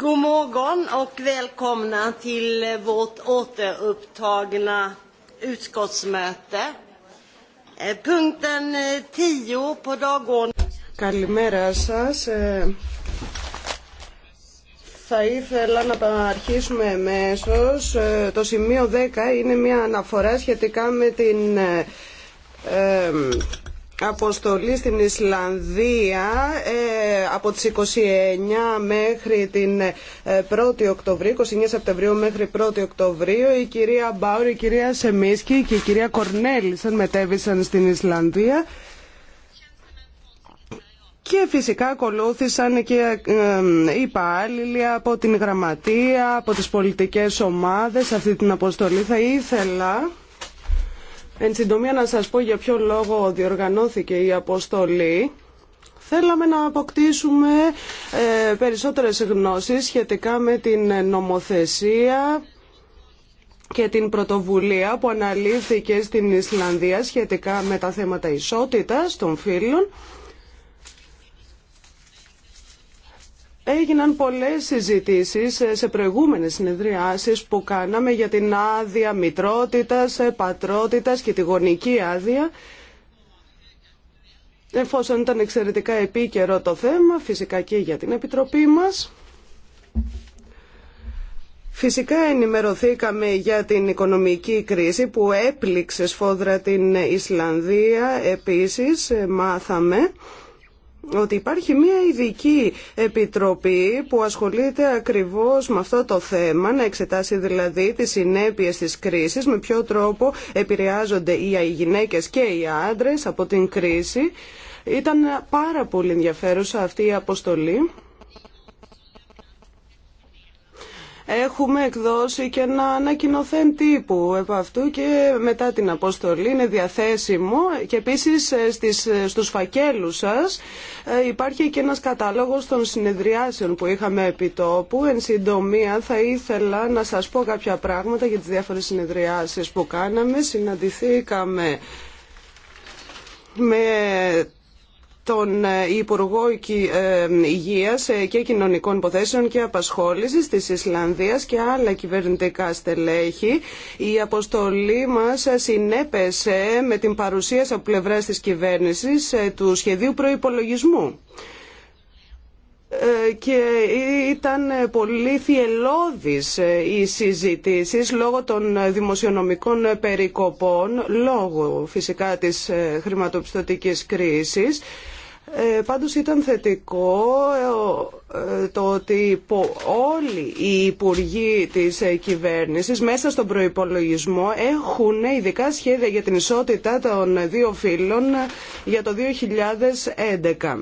God morgon och välkomna till vårt återupptagna utskottsmöte. Punkten 10 på dagordningen. Καλημέρα σας. Θα ήθελα να αρχίσουμε εμέσω. Το σημείο 10 είναι μια αναφορά σχετικά με την αποστολή στην Ισλανδία ε, από τις 29 μέχρι την 1η ε, Οκτωβρίου, 29 Σεπτεμβρίου μέχρι 1η Οκτωβρίου. Η κυρία Μπάουρ, η κυρία Σεμίσκη και η κυρία Κορνέλισαν μετέβησαν στην Ισλανδία. Και φυσικά ακολούθησαν και υπάλληλοι από την γραμματεία, από τις πολιτικές ομάδες αυτή την αποστολή. Θα ήθελα Εν συντομία να σας πω για ποιο λόγο διοργανώθηκε η αποστολή. Θέλαμε να αποκτήσουμε ε, περισσότερες γνώσεις σχετικά με την νομοθεσία και την πρωτοβουλία που αναλύθηκε στην Ισλανδία σχετικά με τα θέματα ισότητας των φύλων. Έγιναν πολλές συζητήσεις σε προηγούμενες συνεδριάσεις που κάναμε για την άδεια μητρότητας, ε, πατρότητας και τη γονική άδεια. Εφόσον ήταν εξαιρετικά επίκαιρο το θέμα, φυσικά και για την Επιτροπή μας. Φυσικά ενημερωθήκαμε για την οικονομική κρίση που έπληξε σφόδρα την Ισλανδία. Επίσης ε, μάθαμε ότι υπάρχει μια ειδική επιτροπή που ασχολείται ακριβώς με αυτό το θέμα, να εξετάσει δηλαδή τις συνέπειες της κρίσης, με ποιο τρόπο επηρεάζονται οι γυναίκες και οι άντρες από την κρίση. Ήταν πάρα πολύ ενδιαφέρουσα αυτή η αποστολή. Έχουμε εκδώσει και ένα ανακοινωθέν τύπου επ' αυτού και μετά την αποστολή είναι διαθέσιμο και επίσης ε, στις, ε, στους φακέλους σας ε, υπάρχει και ένας κατάλογος των συνεδριάσεων που είχαμε επί τόπου. Εν συντομία θα ήθελα να σας πω κάποια πράγματα για τις διάφορες συνεδριάσεις που κάναμε. Συναντηθήκαμε με τον ε, Υπουργό ε, Υγείας ε, και Κοινωνικών Υποθέσεων και Απασχόλησης της Ισλανδίας και άλλα κυβερνητικά στελέχη. Η αποστολή μας συνέπεσε με την παρουσίαση από πλευράς της κυβέρνησης του σχεδίου προϋπολογισμού. Ε, και ήταν πολύ θυελώδης ε, οι συζητήσεις λόγω των δημοσιονομικών περικοπών, λόγω φυσικά της ε, χρηματοπιστωτικής κρίσης. Πάντως ήταν θετικό το ότι όλοι οι υπουργοί της κυβέρνησης μέσα στον προϋπολογισμό έχουν ειδικά σχέδια για την ισότητα των δύο φύλων για το 2011.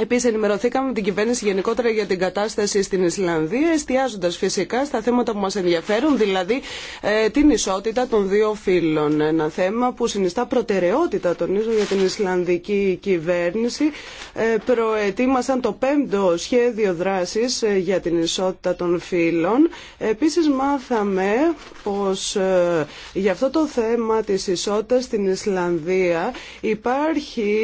Επίση, ενημερωθήκαμε την κυβέρνηση γενικότερα για την κατάσταση στην Ισλανδία, εστιάζοντα φυσικά στα θέματα που μα ενδιαφέρουν, δηλαδή ε, την ισότητα των δύο φύλων. Ένα θέμα που συνιστά προτεραιότητα, τονίζω, για την Ισλανδική κυβέρνηση. Ε, προετοίμασαν το πέμπτο σχέδιο δράση ε, για την ισότητα των φύλων. Επίση, μάθαμε πω ε, για αυτό το θέμα τη ισότητα στην Ισλανδία υπάρχει,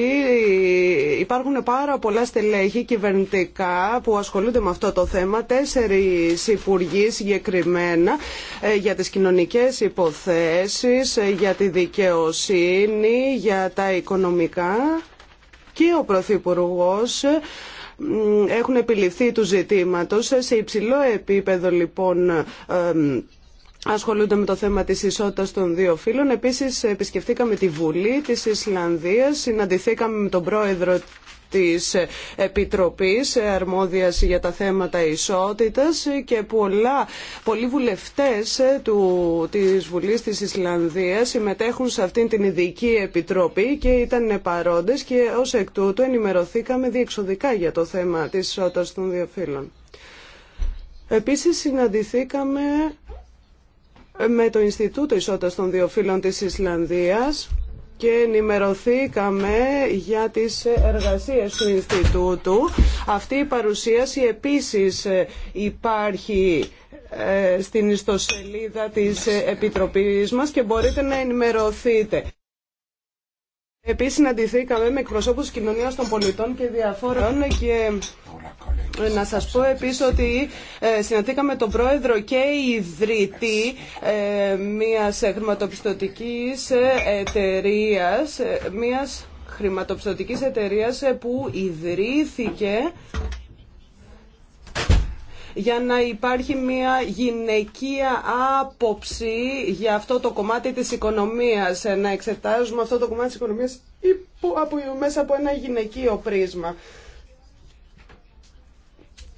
υπάρχουν πάρα πολλά πολλά στελέχη κυβερνητικά που ασχολούνται με αυτό το θέμα, τέσσερις υπουργοί συγκεκριμένα ε, για τις κοινωνικές υποθέσεις, ε, για τη δικαιοσύνη, για τα οικονομικά και ο Πρωθυπουργό ε, έχουν επιληφθεί του ζητήματος σε υψηλό επίπεδο λοιπόν ασχολούνται με το θέμα της ισότητας των δύο φύλων. Επίσης επισκεφτήκαμε τη Βουλή της Ισλανδίας, συναντηθήκαμε με τον πρόεδρο της Επιτροπής αρμόδιας για τα θέματα ισότητας και πολλά, πολλοί βουλευτές του, της Βουλής της Ισλανδίας συμμετέχουν σε αυτήν την ειδική επιτροπή και ήταν παρόντες και ως εκ τούτου ενημερωθήκαμε διεξοδικά για το θέμα της ισότητας των δύο φύλων. Επίσης συναντηθήκαμε με το Ινστιτούτο Ισότητας των Δύο Φύλων της Ισλανδίας και ενημερωθήκαμε για τις εργασίες του Ινστιτούτου. Αυτή η παρουσίαση επίσης υπάρχει ε, στην ιστοσελίδα της Επιτροπής μας και μπορείτε να ενημερωθείτε. Επίσης συναντηθήκαμε με εκπροσώπους κοινωνίας των πολιτών και διαφόρων και να σας πω επίσης ότι ε, συναντήκαμε τον πρόεδρο και ιδρυτή ε, μιας χρηματοπιστωτικής εταιρείας, ε, μιας χρηματοπιστωτικής εταιρείας που ιδρύθηκε για να υπάρχει μια γυναικεία άποψη για αυτό το κομμάτι της οικονομίας, να εξετάζουμε αυτό το κομμάτι της οικονομίας από, μέσα από ένα γυναικείο πρίσμα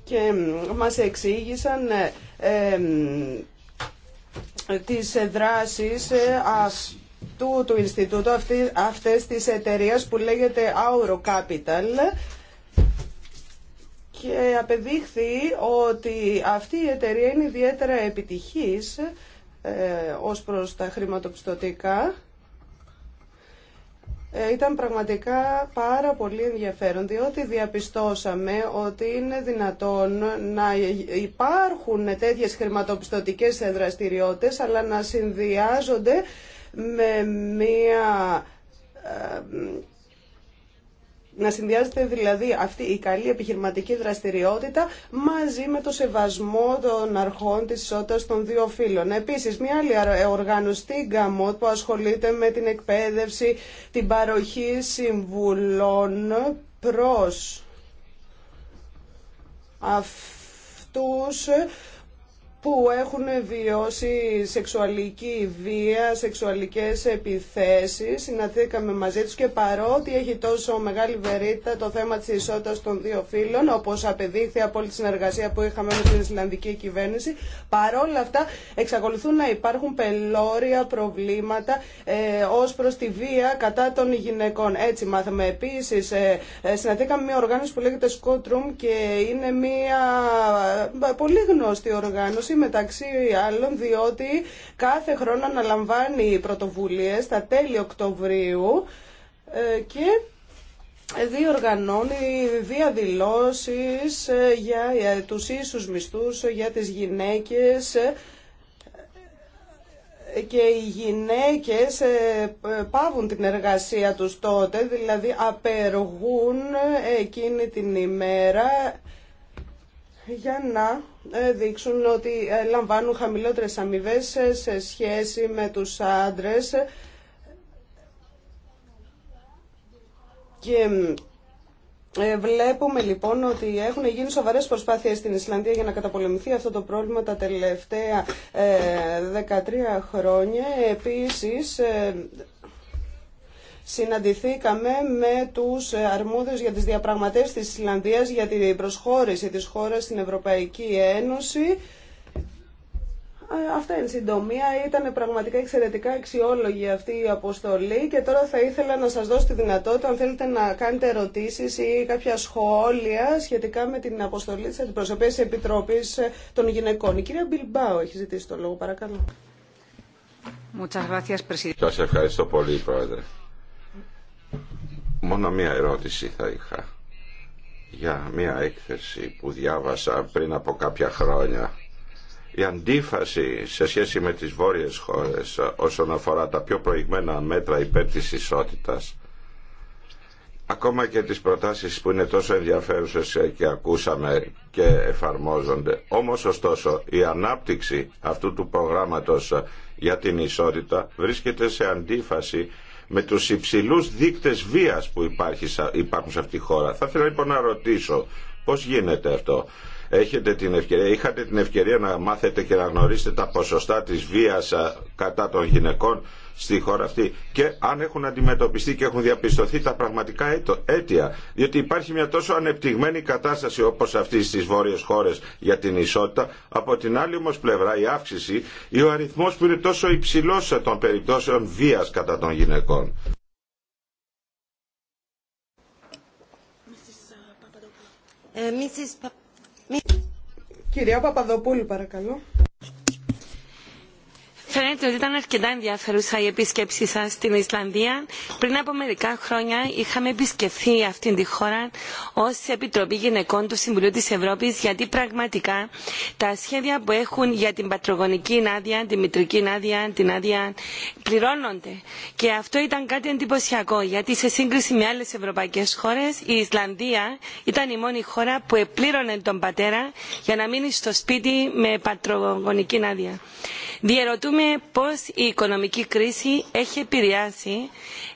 και μας εξήγησαν ε, τις δράσεις ε, αυτού του Ινστιτούτου, αυτή, αυτές της εταιρείας που λέγεται Auro Capital και απεδείχθη ότι αυτή η εταιρεία είναι ιδιαίτερα επιτυχής ε, ως προς τα χρηματοπιστωτικά ε, ήταν πραγματικά πάρα πολύ ενδιαφέρον, διότι διαπιστώσαμε ότι είναι δυνατόν να υπάρχουν τέτοιες χρηματοπιστωτικές δραστηριότητες, αλλά να συνδυάζονται με μία ε, να συνδυάζεται δηλαδή αυτή η καλή επιχειρηματική δραστηριότητα μαζί με το σεβασμό των αρχών της ισότητας των δύο φύλων. Επίσης, μια άλλη οργάνωση, η που ασχολείται με την εκπαίδευση, την παροχή συμβουλών προς αυτούς που έχουν βιώσει σεξουαλική βία, σεξουαλικές επιθέσεις. Συναθήκαμε μαζί τους και παρότι έχει τόσο μεγάλη βερίτα το θέμα της ισότητας των δύο φύλων, όπως απεδείχθη από όλη τη συνεργασία που είχαμε με την Ισλανδική κυβέρνηση, παρόλα αυτά εξακολουθούν να υπάρχουν πελώρια προβλήματα ε, ως προς τη βία κατά των γυναικών. Έτσι μάθαμε επίσης, ε, ε με μια οργάνωση που λέγεται Skotrum και είναι μια ε, πολύ γνωστή οργάνωση μεταξύ άλλων διότι κάθε χρόνο αναλαμβάνει πρωτοβουλίες στα τέλη Οκτωβρίου ε, και διοργανώνει διαδηλώσεις ε, για ε, τους ίσους μισθούς, για τις γυναίκες και οι γυναίκες πάβουν την εργασία τους τότε, δηλαδή απεργούν εκείνη την ημέρα για να ε, δείξουν ότι ε, λαμβάνουν χαμηλότερες αμοιβέ ε, σε σχέση με τους άντρες και βλέπουμε λοιπόν ότι έχουν γίνει σοβαρές προσπάθειες στην Ισλανδία για να καταπολεμηθεί αυτό το πρόβλημα τα τελευταία 13 χρόνια. Επίσης συναντηθήκαμε με τους ε, αρμόδιους για τις διαπραγματεύσεις της Ισλανδίας για την προσχώρηση της χώρας στην Ευρωπαϊκή Ένωση. Ε, αυτά είναι συντομία ήταν πραγματικά εξαιρετικά αξιόλογη αυτή η αποστολή και τώρα θα ήθελα να σας δώσω τη δυνατότητα αν θέλετε να κάνετε ερωτήσεις ή κάποια σχόλια σχετικά με την αποστολή της Αντιπροσωπής Επιτροπής ε, των Γυναικών. Η κυρία Μπιλμπάου έχει ζητήσει το λόγο, παρακαλώ. Σας ευχαριστώ πολύ, Πρόεδρε. Μόνο μία ερώτηση θα είχα για μία έκθεση που διάβασα πριν από κάποια χρόνια. Η αντίφαση σε σχέση με τις βόρειες χώρες όσον αφορά τα πιο προηγμένα μέτρα υπέρ της ισότητας ακόμα και τις προτάσεις που είναι τόσο ενδιαφέρουσες και ακούσαμε και εφαρμόζονται. Όμως ωστόσο η ανάπτυξη αυτού του προγράμματος για την ισότητα βρίσκεται σε αντίφαση με τους υψηλούς δείκτες βίας που υπάρχει, υπάρχουν σε αυτή τη χώρα. Θα ήθελα λοιπόν να ρωτήσω πώς γίνεται αυτό έχετε την ευκαιρία, είχατε την ευκαιρία να μάθετε και να γνωρίσετε τα ποσοστά της βίας κατά των γυναικών στη χώρα αυτή και αν έχουν αντιμετωπιστεί και έχουν διαπιστωθεί τα πραγματικά αίτια. Διότι υπάρχει μια τόσο ανεπτυγμένη κατάσταση όπως αυτή στις βόρειες χώρες για την ισότητα. Από την άλλη όμως πλευρά η αύξηση ή ο αριθμός που είναι τόσο υψηλός των περιπτώσεων βίας κατά των γυναικών. Ε, Κυρία Παπαδοπούλη, παρακαλώ. Φαίνεται ότι ήταν αρκετά ενδιαφέρουσα η επίσκεψή σα στην Ισλανδία. Πριν από μερικά χρόνια είχαμε επισκεφθεί αυτή τη χώρα ω Επιτροπή Γυναικών του Συμβουλίου τη Ευρώπη, γιατί πραγματικά τα σχέδια που έχουν για την πατρογονική άδεια, τη μητρική άδεια, την άδεια πληρώνονται. Και αυτό ήταν κάτι εντυπωσιακό γιατί σε σύγκριση με άλλε ευρωπαϊκέ χώρε, η Ισλανδία ήταν η μόνη χώρα που επλήρωνε τον πατέρα για να μείνει στο σπίτι με πατρογονική άδεια. Διερωτούμε πώς η οικονομική κρίση έχει επηρεάσει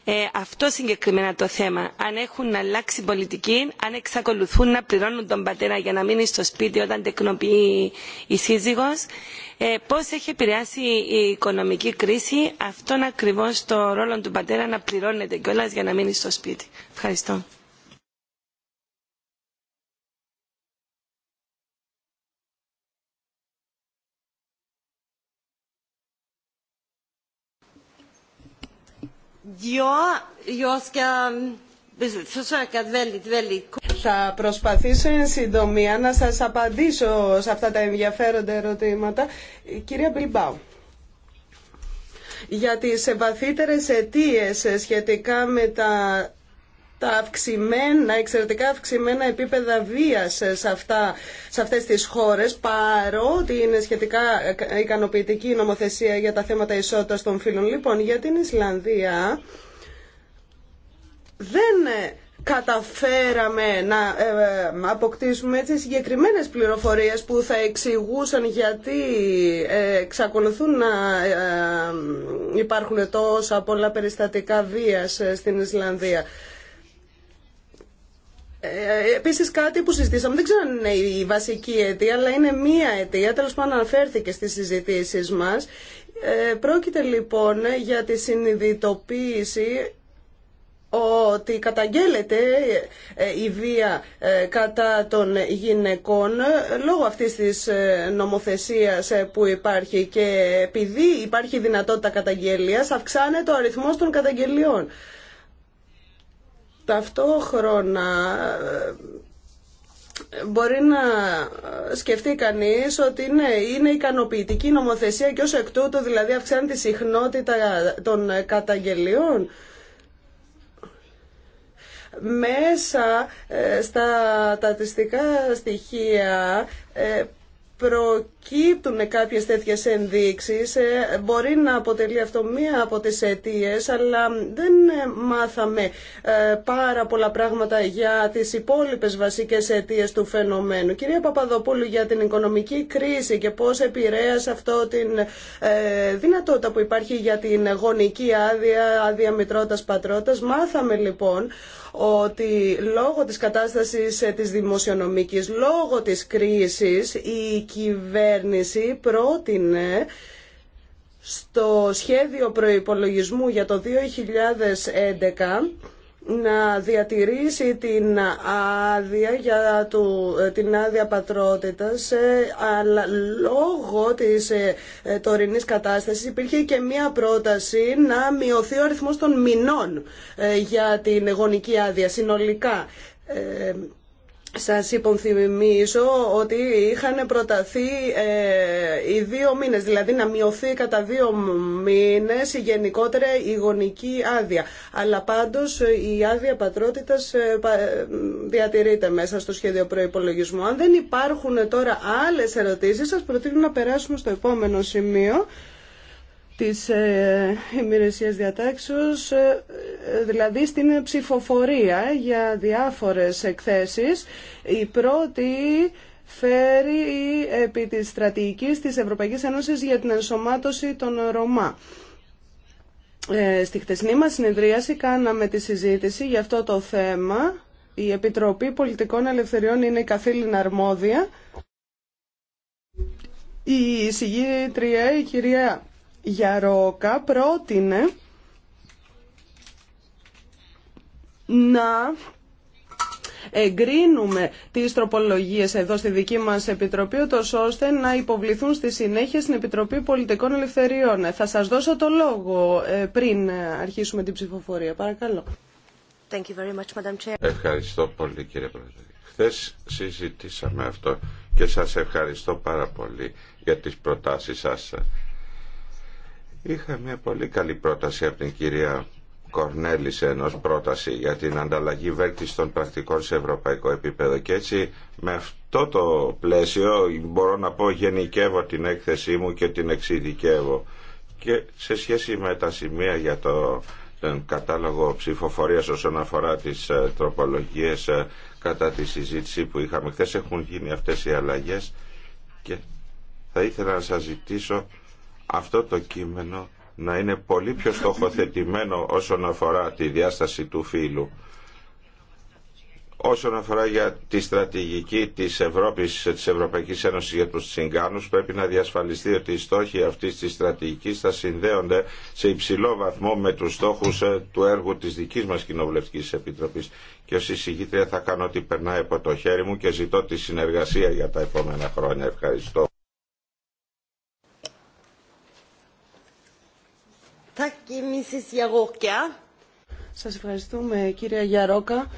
ε, αυτό συγκεκριμένα το θέμα. Αν έχουν αλλάξει πολιτική, αν εξακολουθούν να πληρώνουν τον πατέρα για να μείνει στο σπίτι όταν τεκνοποιεί η σύζυγος, πώ ε, πώς έχει επηρεάσει η οικονομική κρίση αυτόν ακριβώς το ρόλο του πατέρα να πληρώνεται κιόλας για να μείνει στο σπίτι. Ευχαριστώ. θα προσπαθήσω εν συντομία να σα απαντήσω σε αυτά τα ενδιαφέροντα ερωτήματα. Κυρία Μπιλμπάου, για τι βαθύτερε αιτίε σχετικά με τα τα αυξημένα, εξαιρετικά αυξημένα επίπεδα βίας σε, αυτά, σε αυτές τις χώρες, παρότι είναι σχετικά ε, ικανοποιητική η νομοθεσία για τα θέματα ισότητας των φύλων. Λοιπόν, για την Ισλανδία δεν ε, καταφέραμε να ε, αποκτήσουμε έτσι συγκεκριμένες πληροφορίες που θα εξηγούσαν γιατί εξακολουθούν να υπάρχουν τόσα πολλά περιστατικά βίας στην Ισλανδία. Ε, Επίση, κάτι που συζητήσαμε, δεν ξέρω αν είναι η βασική αιτία, αλλά είναι μία αιτία, τέλο πάντων αναφέρθηκε στι συζητήσει μα. Ε, πρόκειται λοιπόν για τη συνειδητοποίηση ότι καταγγέλλεται ε, η βία κατά των γυναικών λόγω αυτής της νομοθεσίας που υπάρχει και επειδή υπάρχει δυνατότητα καταγγελίας αυξάνεται ο αριθμός των καταγγελιών. Ταυτόχρονα ε, μπορεί να σκεφτεί κανείς ότι ναι, είναι ικανοποιητική νομοθεσία και ως εκ τούτου δηλαδή αυξάνει τη συχνότητα των καταγγελιών μέσα ε, στα τατιστικά στοιχεία ε, προκύπτουν κάποιες τέτοιες ενδείξεις, ε, μπορεί να αποτελεί αυτό μία από τις αιτίε, αλλά δεν ε, μάθαμε ε, πάρα πολλά πράγματα για τις υπόλοιπες βασικές αιτίε του φαινομένου. Κυρία Παπαδοπούλου, για την οικονομική κρίση και πώς επηρέασε αυτό την δυνατότητα που υπάρχει για την γονική άδεια, άδεια μητρότητας μάθαμε λοιπόν ότι λόγω της κατάστασης ε, της δημοσιονομικής, λόγω της κρίσης, η κυβέρνηση πρότεινε στο σχέδιο προϋπολογισμού για το 2011 να διατηρήσει την άδεια για του, την άδεια πατρότητας ε, αλλά λόγω της ε, ε, τωρινής κατάστασης υπήρχε και μία πρόταση να μειωθεί ο αριθμός των μηνών για την γονική άδεια συνολικά. Σας υπονθυμίζω ότι είχαν προταθεί ε, οι δύο μήνες, δηλαδή να μειωθεί κατά δύο μήνες η γενικότερα η γονική άδεια. Αλλά πάντως ε, η άδεια πατρότητας ε, διατηρείται μέσα στο σχέδιο προϋπολογισμού. Αν δεν υπάρχουν τώρα άλλες ερωτήσεις, σας προτείνω να περάσουμε στο επόμενο σημείο της ε, ημερησίας διατάξεως, ε, ε, δηλαδή στην ψηφοφορία για διάφορες εκθέσεις. Η πρώτη φέρει επί της στρατηγικής της Ευρωπαϊκής Ένωσης για την ενσωμάτωση των Ρωμά. Στη χτεσνή μας συνεδρίαση κάναμε τη συζήτηση για αυτό το θέμα. Η Επιτροπή Πολιτικών Ελευθεριών είναι η καθήλυνα αρμόδια. Η συγγήτρια, η κυρία για ΡΟΚΑ πρότεινε να εγκρίνουμε τις τροπολογίες εδώ στη δική μας Επιτροπή, ώστε να υποβληθούν στη συνέχεια στην Επιτροπή Πολιτικών Ελευθεριών. Θα σας δώσω το λόγο ε, πριν αρχίσουμε την ψηφοφορία. Παρακαλώ. Thank you very much, Madam Chair. Ευχαριστώ πολύ κύριε Πρόεδρε. Χθε συζητήσαμε αυτό και σας ευχαριστώ πάρα πολύ για τις προτάσεις σας Είχα μια πολύ καλή πρόταση από την κυρία σε ενός πρόταση για την ανταλλαγή των πρακτικών σε ευρωπαϊκό επίπεδο και έτσι με αυτό το πλαίσιο μπορώ να πω γενικεύω την έκθεσή μου και την εξειδικεύω και σε σχέση με τα σημεία για το, τον κατάλογο ψηφοφορίας όσον αφορά τις ε, τροπολογίες ε, κατά τη συζήτηση που είχαμε χθε έχουν γίνει αυτές οι αλλαγές και θα ήθελα να σας ζητήσω αυτό το κείμενο να είναι πολύ πιο στοχοθετημένο όσον αφορά τη διάσταση του φύλου. Όσον αφορά για τη στρατηγική της Ευρώπης, της Ευρωπαϊκής Ένωσης για τους τσιγκάνους, πρέπει να διασφαλιστεί ότι οι στόχοι αυτής της στρατηγικής θα συνδέονται σε υψηλό βαθμό με τους στόχους ε, του έργου της δικής μας Κοινοβουλευτικής Επιτροπής. Και ως εισηγήτρια θα κάνω ότι περνάει από το χέρι μου και ζητώ τη συνεργασία για τα επόμενα χρόνια. Ευχαριστώ. Σας ευχαριστούμε κύριε Γιαρόκα.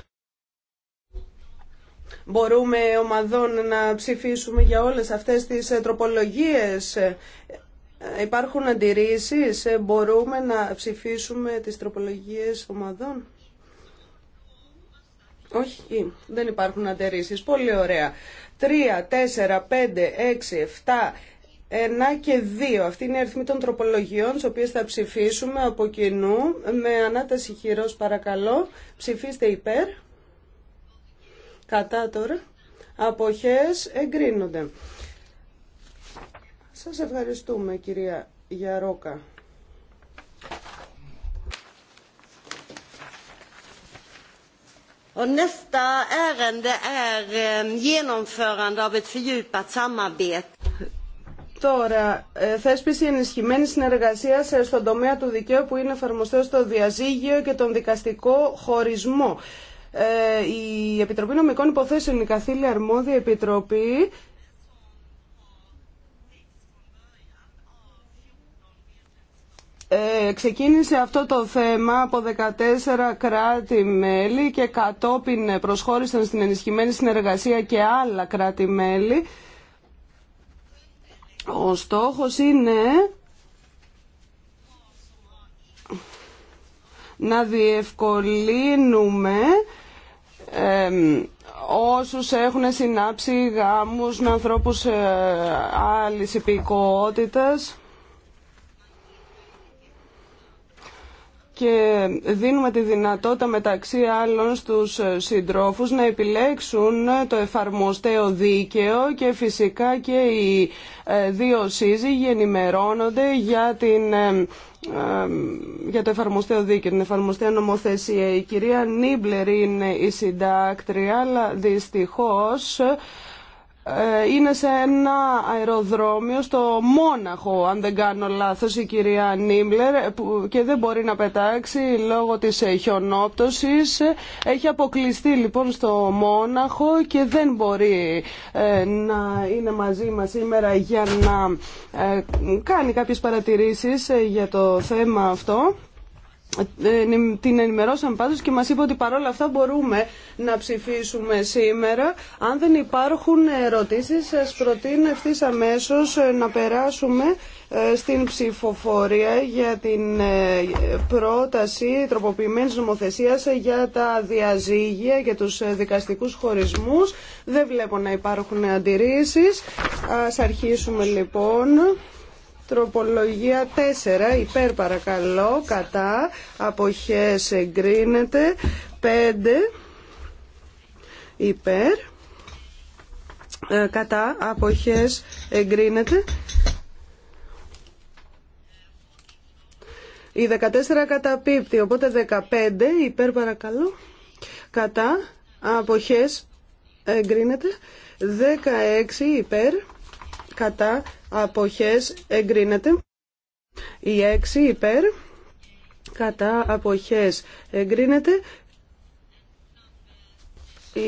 Μπορούμε ομαδών να ψηφίσουμε για όλες αυτές τις ε, τροπολογίες. Ε, υπάρχουν αντιρρήσεις. Ε, μπορούμε να ψηφίσουμε τις τροπολογίες ομαδών. Όχι, δεν υπάρχουν αντιρρήσεις. Πολύ ωραία. Τρία, τέσσερα, πέντε, έξι, εφτά... Ένα και δύο. Αυτή είναι η αριθμή των τροπολογιών, τι οποίε θα ψηφίσουμε από κοινού. Με ανάταση χειρό, παρακαλώ, ψηφίστε υπέρ. Κατά τώρα. Αποχές εγκρίνονται. Σας ευχαριστούμε, κυρία Γιαρόκα. nästa ärende är eh, genomförande av ett fördjupat samarbete. Τώρα, ε, θέσπιση ενισχυμένη συνεργασία στον τομέα του δικαίου που είναι εφαρμοστέ στο διαζύγιο και τον δικαστικό χωρισμό. Ε, η Επιτροπή Νομικών Υποθέσεων, η καθήλια αρμόδια επιτροπή, Ε, ξεκίνησε αυτό το θέμα από 14 κράτη-μέλη και κατόπιν προσχώρησαν στην ενισχυμένη συνεργασία και άλλα κράτη-μέλη. Ο στόχος είναι να διευκολύνουμε ε, όσους έχουν συνάψει γάμους με ανθρώπους ε, άλλης υπηκότητας και δίνουμε τη δυνατότητα μεταξύ άλλων στους συντρόφους να επιλέξουν το εφαρμοστέο δίκαιο και φυσικά και οι ε, δύο σύζυγοι ενημερώνονται για, την, ε, ε, για το εφαρμοστέο δίκαιο, την εφαρμοστέα νομοθεσία. Η κυρία Νίμπλερ είναι η συντάκτρια, αλλά δυστυχώς ε, είναι σε ένα αεροδρόμιο στο Μόναχο, αν δεν κάνω λάθος, η κυρία Νίμπλερ ε, και δεν μπορεί να πετάξει λόγω της ε, χιονόπτωσης. Έχει αποκλειστεί λοιπόν στο Μόναχο και δεν μπορεί να είναι μαζί μας σήμερα για να κάνει κάποιες παρατηρήσεις για το θέμα αυτό. Ε, την ενημερώσαμε πάντως και μας είπε ότι παρόλα αυτά μπορούμε να ψηφίσουμε σήμερα. Αν δεν υπάρχουν ερωτήσεις, σας προτείνω ευθύ αμέσω ε, να περάσουμε ε, στην ψηφοφορία για την πρόταση τροποποιημένης νομοθεσίας για τα διαζύγια και τους δικαστικούς χωρισμούς. Δεν βλέπω να υπάρχουν αντιρρήσεις. Ας αρχίσουμε λοιπόν. Τροπολογία 4 υπέρ παρακαλώ κατά αποχές εγκρίνεται 5 υπέρ ε, κατά αποχές εγκρίνεται η 14 καταπίπτει οπότε 15 υπέρ παρακαλώ κατά αποχές εγκρίνεται 16 υπέρ κατά αποχές εγκρίνεται. Η 6 υπέρ κατά αποχές εγκρίνεται. Η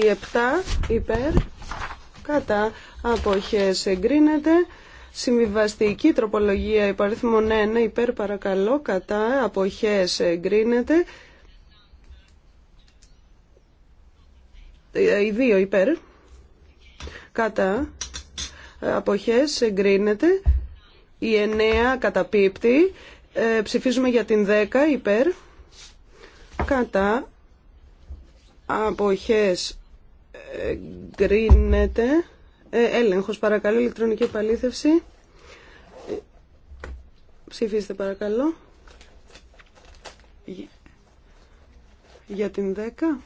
7 υπέρ κατά αποχές εγκρίνεται. Συμβιβαστική τροπολογία υπαριθμών 1 υπέρ παρακαλώ κατά αποχές εγκρίνεται. Ε, οι 2 υπέρ κατά αποχές εγκρίνεται. Η 9 καταπίπτει. Ε, ψηφίζουμε για την 10 υπέρ. Κατά αποχές εγκρίνεται. Ε, έλεγχος παρακαλώ, ηλεκτρονική επαλήθευση. Ψηφίστε παρακαλώ. Για την 10.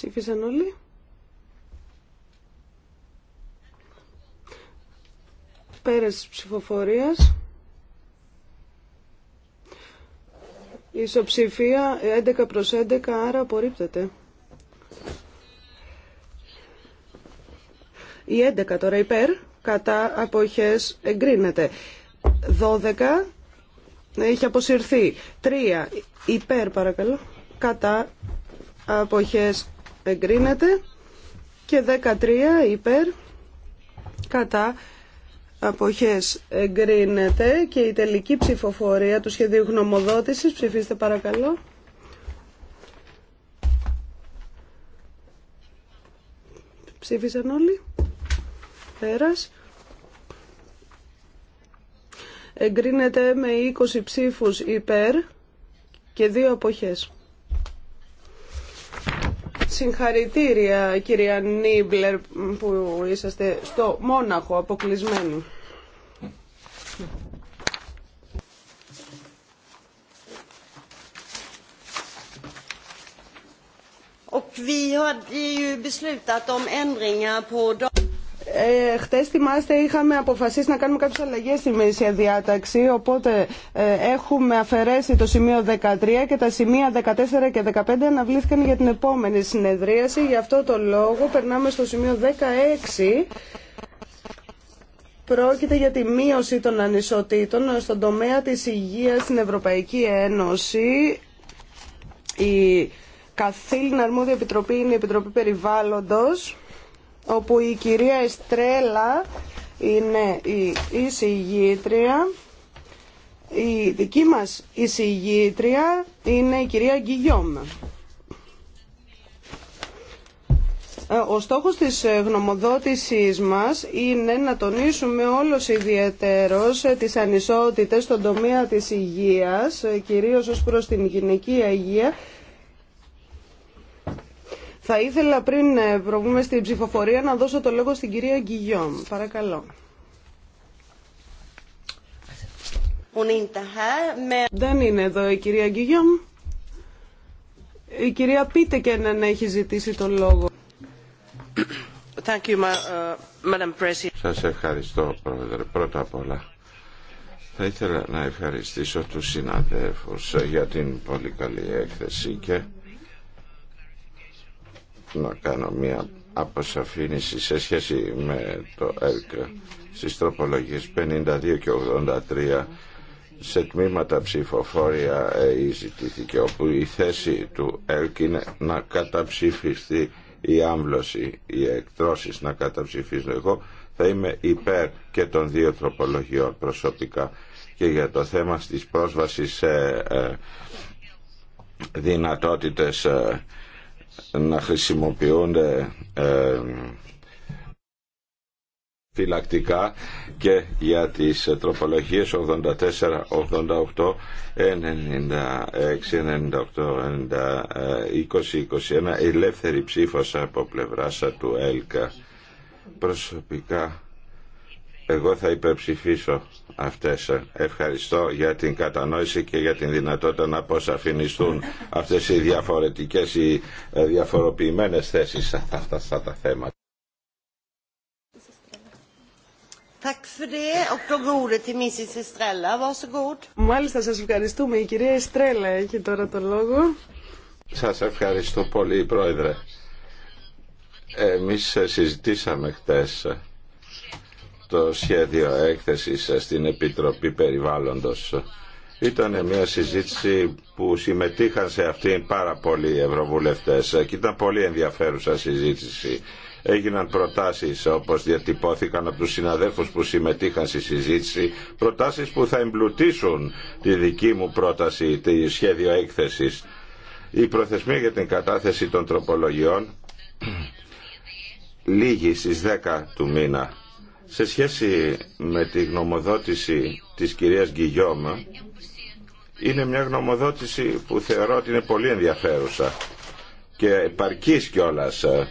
Ψήφισαν όλοι. Πέρας της ψηφοφορίας. ισοψηφία 11 προς 11, άρα απορρίπτεται. Η 11 τώρα υπέρ, κατά αποχές εγκρίνεται. 12 έχει αποσυρθεί. 3 υπέρ παρακαλώ, κατά αποχές εγκρίνεται και 13 υπέρ κατά αποχές εγκρίνεται και η τελική ψηφοφορία του σχεδίου γνωμοδότησης ψηφίστε παρακαλώ ψήφισαν όλοι πέρας εγκρίνεται με 20 ψήφους υπέρ και δύο αποχές Συγχαρητήρια κυρία Νίμπλερ που είσαστε στο Μόναχο αποκλεισμένοι. Och vi har ju beslutat om ändringar på ε, χτες θυμάστε είχαμε αποφασίσει να κάνουμε κάποιες αλλαγές στη μερίσια διάταξη οπότε ε, έχουμε αφαιρέσει το σημείο 13 και τα σημεία 14 και 15 αναβλήθηκαν για την επόμενη συνεδρίαση γι' αυτό το λόγο περνάμε στο σημείο 16 Πρόκειται για τη μείωση των ανισοτήτων στον τομέα της υγείας στην Ευρωπαϊκή Ένωση. Η καθήλυνα αρμόδια επιτροπή είναι η Επιτροπή Περιβάλλοντος όπου η κυρία Εστρέλα είναι η εισηγήτρια. Η δική μας εισηγήτρια είναι η κυρία Γκυγιόμ. Ε, ο στόχος της γνωμοδότησής μας είναι να τονίσουμε όλος ιδιαιτέρως τις ανισότητες στον τομέα της υγείας, κυρίως ως προς την γυναική υγεία θα ήθελα πριν ε, προβούμε στην ψηφοφορία να δώσω το λόγο στην κυρία Γκυγιόμ. Παρακαλώ. Δεν είναι εδώ η κυρία Γκυγιόμ. Η κυρία πείτε και να έχει ζητήσει το λόγο. Thank ε, Σας ευχαριστώ, Πρόεδρε. Πρώτα απ' όλα, θα ήθελα να ευχαριστήσω τους συναδέλφους για την πολύ καλή έκθεση και να κάνω μια αποσαφήνιση σε σχέση με το ΕΡΚ στις τροπολογίες 52 και 83 σε τμήματα ψηφοφόρια ε, ζητήθηκε όπου η θέση του ΕΡΚ είναι να καταψηφιστεί η άμβλωση, οι εκτρώσεις να καταψηφίζουν εγώ θα είμαι υπέρ και των δύο τροπολογιών προσωπικά και για το θέμα της πρόσβασης σε ε, ε δυνατότητες ε, να χρησιμοποιούνται ε, φυλακτικά και για τις τροπολογίες 84, 88, 96, 98, 90, 20, 21 ελεύθερη ψήφος από πλευράς του ΕΛΚΑ προσωπικά εγώ θα υπερψηφίσω αυτές. Ευχαριστώ για την κατανόηση και για την δυνατότητα να αποσαφινιστούν αυτές οι διαφορετικές, οι ε, διαφοροποιημένες θέσεις σε αυτά τα θέματα. Μάλιστα σας ευχαριστούμε. Η κυρία Εστρέλα έχει τώρα το λόγο. Σας ευχαριστώ πολύ Πρόεδρε. Εμείς συζητήσαμε χτες το σχέδιο έκθεσης στην Επιτροπή Περιβάλλοντος. Ήταν μια συζήτηση που συμμετείχαν σε αυτήν πάρα πολλοί ευρωβουλευτές και ήταν πολύ ενδιαφέρουσα συζήτηση. Έγιναν προτάσεις όπως διατυπώθηκαν από τους συναδέλφους που συμμετείχαν στη συζήτηση, προτάσεις που θα εμπλουτίσουν τη δική μου πρόταση, τη σχέδιο έκθεσης. Η προθεσμία για την κατάθεση των τροπολογιών λίγη στις 10 του μήνα σε σχέση με τη γνωμοδότηση της κυρίας Γκυγιώμα, είναι μια γνωμοδότηση που θεωρώ ότι είναι πολύ ενδιαφέρουσα και επαρκής κιόλας ε,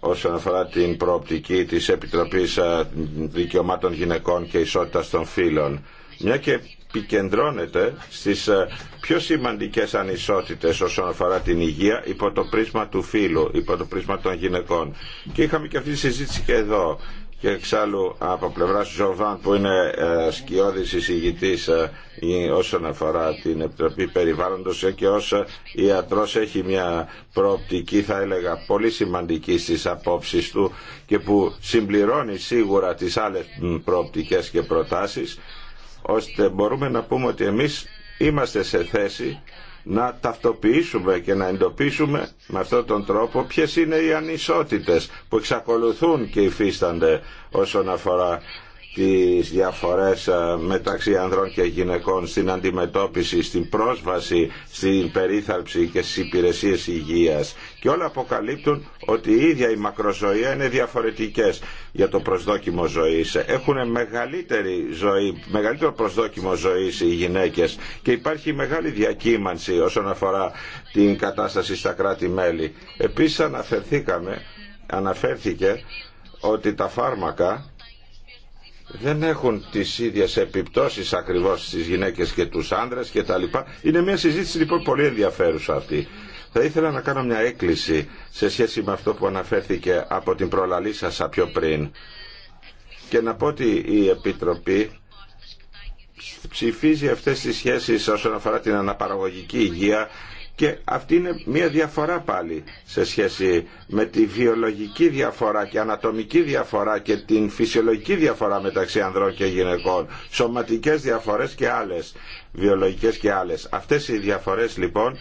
όσον αφορά την προοπτική της Επιτροπής ε, Δικαιωμάτων Γυναικών και Ισότητας των Φύλων. Μια και επικεντρώνεται στις ε, πιο σημαντικές ανισότητες όσον αφορά την υγεία υπό το πρίσμα του φύλου, υπό το πρίσμα των γυναικών. Και είχαμε και αυτή τη συζήτηση και εδώ και εξάλλου από πλευρά του Ζορβάν που είναι ε, σκιώδης εισηγητής ε, όσον αφορά την Επιτροπή Περιβάλλοντος ε, και η ιατρός έχει μια προοπτική θα έλεγα πολύ σημαντική στις απόψεις του και που συμπληρώνει σίγουρα τις άλλες προοπτικές και προτάσεις ώστε μπορούμε να πούμε ότι εμείς είμαστε σε θέση να ταυτοποιήσουμε και να εντοπίσουμε με αυτόν τον τρόπο ποιες είναι οι ανισότητες που εξακολουθούν και υφίστανται όσον αφορά τις διαφορές ε, μεταξύ ανδρών και γυναικών στην αντιμετώπιση, στην πρόσβαση, στην περίθαλψη και στις υπηρεσίες υγείας. Και όλα αποκαλύπτουν ότι η ίδια η μακροζωία είναι διαφορετικές για το προσδόκιμο ζωής. Έχουν μεγαλύτερη ζωή, μεγαλύτερο προσδόκιμο ζωής οι γυναίκες και υπάρχει μεγάλη διακύμανση όσον αφορά την κατάσταση στα κράτη-μέλη. Επίσης αναφερθήκαμε, αναφέρθηκε ότι τα φάρμακα δεν έχουν τις ίδιες επιπτώσεις ακριβώς στις γυναίκες και τους άνδρες και τα λοιπά. Είναι μια συζήτηση λοιπόν πολύ ενδιαφέρουσα αυτή. Θα ήθελα να κάνω μια έκκληση σε σχέση με αυτό που αναφέρθηκε από την προλαλή σας πιο πριν και να πω ότι η Επιτροπή ψηφίζει αυτές τις σχέσεις όσον αφορά την αναπαραγωγική υγεία και αυτή είναι μια διαφορά πάλι σε σχέση με τη βιολογική διαφορά και ανατομική διαφορά και την φυσιολογική διαφορά μεταξύ ανδρών και γυναικών, σωματικές διαφορές και άλλες, βιολογικές και άλλες. Αυτές οι διαφορές λοιπόν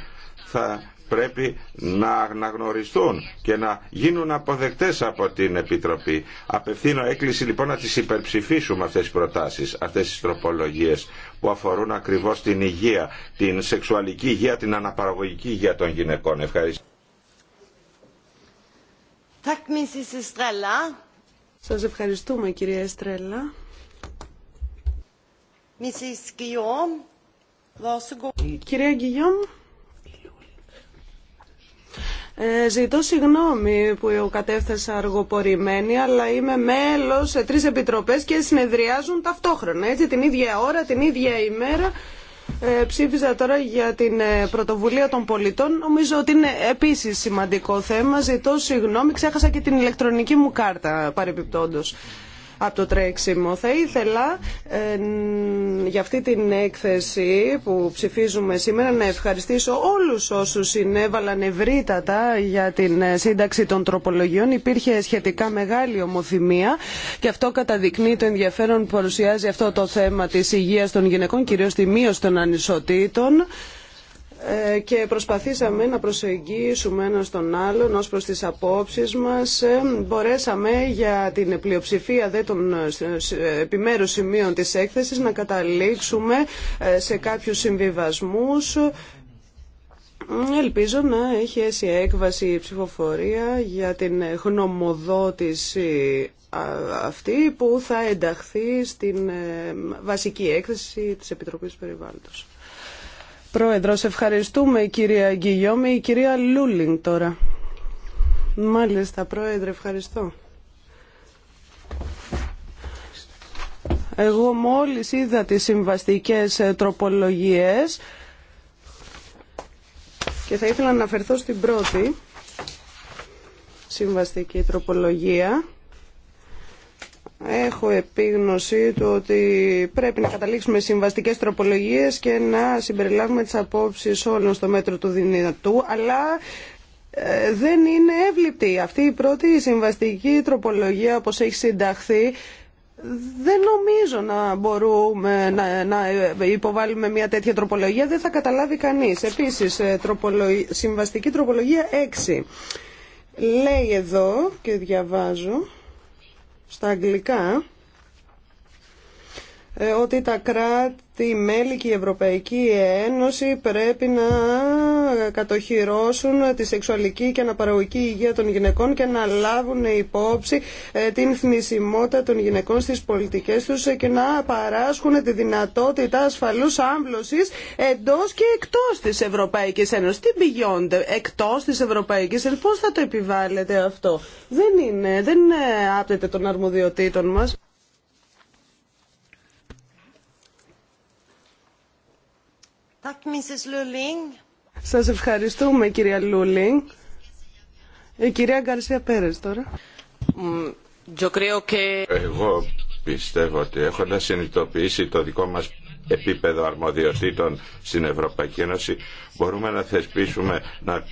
θα πρέπει να αναγνωριστούν και να γίνουν αποδεκτές από την Επιτροπή. Απευθύνω έκκληση λοιπόν να τις υπερψηφίσουμε αυτές τις προτάσεις, αυτές τις τροπολογίες που αφορούν ακριβώς την υγεία, την σεξουαλική υγεία, την αναπαραγωγική υγεία των γυναικών. Ευχαριστώ. Σας ευχαριστούμε κυρία Εστρέλα. Κυρία Γκυγιόμ, ε, ζητώ συγγνώμη που κατέφθασα αργοπορημένη, αλλά είμαι μέλος σε τρεις επιτροπές και συνεδριάζουν ταυτόχρονα. Έτσι, την ίδια ώρα, την ίδια ημέρα. Ε, ψήφιζα τώρα για την ε, πρωτοβουλία των πολιτών. Νομίζω ότι είναι επίσης σημαντικό θέμα. Ζητώ συγγνώμη, ξέχασα και την ηλεκτρονική μου κάρτα παρεπιπτόντος από το τρέξιμο. Θα ήθελα ε, για αυτή την έκθεση που ψηφίζουμε σήμερα να ευχαριστήσω όλους όσους συνέβαλαν ευρύτατα για την ε, σύνταξη των τροπολογιών. Υπήρχε σχετικά μεγάλη ομοθυμία και αυτό καταδεικνύει το ενδιαφέρον που παρουσιάζει αυτό το θέμα της υγείας των γυναικών, κυρίως τη μείωση των ανισοτήτων. Ε, και προσπαθήσαμε να προσεγγίσουμε ένα τον άλλον ως προς τις απόψεις μας. Ε, μπορέσαμε για την πλειοψηφία δε των ε, επιμέρους σημείων της έκθεσης να καταλήξουμε σε κάποιους συμβιβασμούς. Ελπίζω να έχει έσει έκβαση η ψηφοφορία για την γνωμοδότηση αυτή που θα ενταχθεί στην βασική έκθεση της Επιτροπής Περιβάλλοντος. Πρόεδρος, ευχαριστούμε κυρία Γκυγιώμη. Η κυρία Λούλινγκ τώρα. Μάλιστα, πρόεδρε, ευχαριστώ. Εγώ μόλις είδα τις συμβαστικές ε, τροπολογίες και θα ήθελα να αναφερθώ στην πρώτη συμβαστική τροπολογία Έχω επίγνωση του ότι πρέπει να καταλήξουμε συμβαστικές τροπολογίες και να συμπεριλάβουμε τις απόψεις όλων στο μέτρο του δυνατού, αλλά ε, δεν είναι εύληπτη. Αυτή η πρώτη συμβαστική τροπολογία όπως έχει συνταχθεί δεν νομίζω να μπορούμε να, να υποβάλουμε μια τέτοια τροπολογία. Δεν θα καταλάβει κανείς. Επίσης, ε, συμβαστική τροπολογία 6. Λέει εδώ και διαβάζω στα αγγλικά ε, ότι τα κράτη-μέλη και η Ευρωπαϊκή Ένωση πρέπει να κατοχυρώσουν τη σεξουαλική και αναπαραγωγική υγεία των γυναικών και να λάβουν υπόψη ε, την θνησιμότητα των γυναικών στις πολιτικές τους και να παράσχουν τη δυνατότητα ασφαλούς άμβλωσης εντός και εκτός της Ευρωπαϊκής Ένωσης. Τι πηγιώνται εκτός της Ευρωπαϊκής Ένωσης, πώς θα το επιβάλλετε αυτό. Δεν είναι, δεν άπτεται των αρμοδιοτήτων μας. Σας ευχαριστούμε κυρία Λούλινγκ. Η ε, κυρία Γκαρσία Πέρες τώρα. Εγώ πιστεύω ότι έχοντας συνειδητοποιήσει το δικό μας επίπεδο αρμοδιοτήτων στην Ευρωπαϊκή Ένωση μπορούμε να θεσπίσουμε, να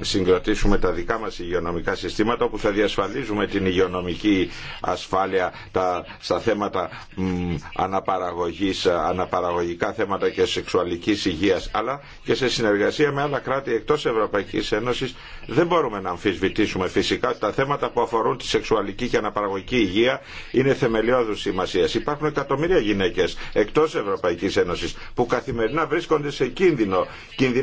συγκροτήσουμε τα δικά μας υγειονομικά συστήματα όπου θα διασφαλίζουμε την υγειονομική ασφάλεια τα, στα θέματα μ, αναπαραγωγής, αναπαραγωγικά θέματα και σεξουαλικής υγείας αλλά και σε συνεργασία με άλλα κράτη εκτός Ευρωπαϊκής Ένωσης δεν μπορούμε να αμφισβητήσουμε φυσικά τα θέματα που αφορούν τη σεξουαλική και αναπαραγωγική υγεία είναι θεμελιώδους σημασίας. Υπάρχουν εκατομμύρια γυναίκες εκτός Ευρωπαϊκής Ένωσης που καθημερινά βρίσκονται σε κίνδυνο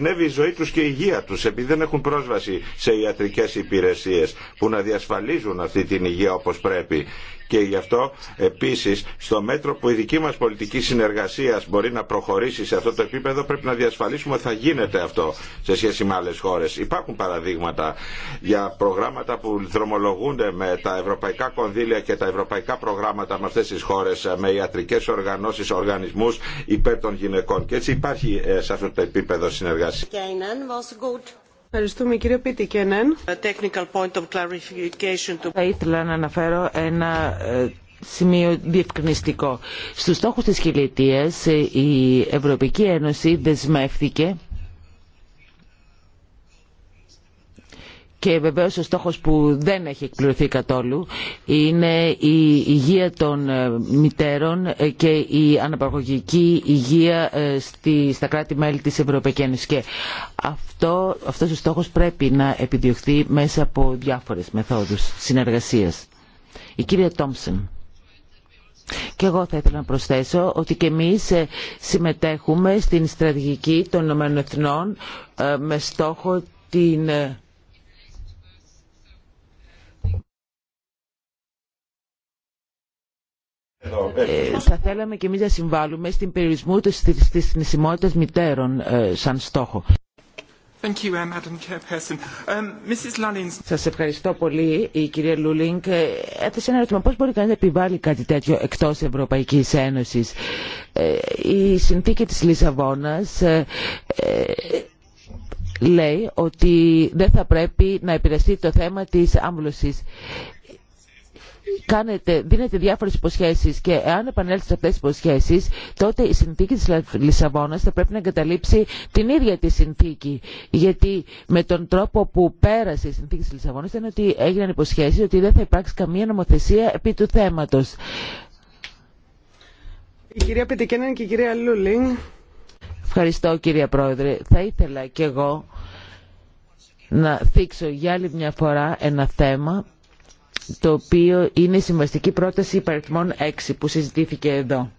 κινδυνεύει η ζωή τους και η υγεία τους επειδή δεν έχουν πρόσβαση σε ιατρικές υπηρεσίες που να διασφαλίζουν αυτή την υγεία όπως πρέπει και γι' αυτό επίσης στο μέτρο που η δική μας πολιτική συνεργασίας μπορεί να προχωρήσει σε αυτό το επίπεδο πρέπει να διασφαλίσουμε ότι θα γίνεται αυτό σε σχέση με άλλε χώρες. Υπάρχουν παραδείγματα για προγράμματα που δρομολογούνται με τα ευρωπαϊκά κονδύλια και τα ευρωπαϊκά προγράμματα με αυτέ τι χώρες με ιατρικέ οργανώσει, οργανισμού υπέρ των γυναικών και έτσι υπάρχει ε, σε αυτό το επίπεδο συνεργασία. Ευχαριστούμε κύριε Πίτικενεν. To... Θα ήθελα να αναφέρω ένα ε, σημείο διευκρινιστικό. Στους στόχους της χιλιετίας ε, η Ευρωπαϊκή Ένωση δεσμεύτηκε Και βεβαίω ο στόχος που δεν έχει εκπληρωθεί καθόλου είναι η υγεία των ε, μητέρων ε, και η αναπαραγωγική υγεία ε, στα κράτη-μέλη της Ευρωπαϊκής Ένωσης. Και αυτό, αυτός ο στόχος πρέπει να επιδιωχθεί μέσα από διάφορε μεθόδους συνεργασίας. Η κυρία Τόμψεν. Και εγώ θα ήθελα να προσθέσω ότι και εμείς συμμετέχουμε στην στρατηγική των ΗΕ με στόχο την Ε, θα θέλαμε και εμείς να συμβάλλουμε στην περιορισμού της θνησιμότητας μητέρων ε, σαν στόχο. Σα uh, um, Σας ευχαριστώ πολύ. Η κυρία Λούλινγκ ε, έθεσε ένα ερώτημα. Πώς μπορεί κανείς να επιβάλλει κάτι τέτοιο εκτός Ευρωπαϊκής Ένωσης. η συνθήκη της Λισαβόνας λέει ότι δεν θα πρέπει να επηρεαστεί το θέμα της άμβλωσης κάνετε, δίνετε διάφορες υποσχέσεις και εάν επανέλθετε σε αυτές τις υποσχέσεις τότε η συνθήκη της Λισαβόνας θα πρέπει να εγκαταλείψει την ίδια τη συνθήκη γιατί με τον τρόπο που πέρασε η συνθήκη της Λισαβόνας ήταν ότι έγιναν υποσχέσει ότι δεν θα υπάρξει καμία νομοθεσία επί του θέματο Η κυρία και η κυρία Ευχαριστώ κυρία Πρόεδρε. Θα ήθελα κι εγώ να θίξω για άλλη μια φορά ένα θέμα το οποίο είναι η συμβαστική πρόταση υπαριθμών 6 που συζητήθηκε εδώ.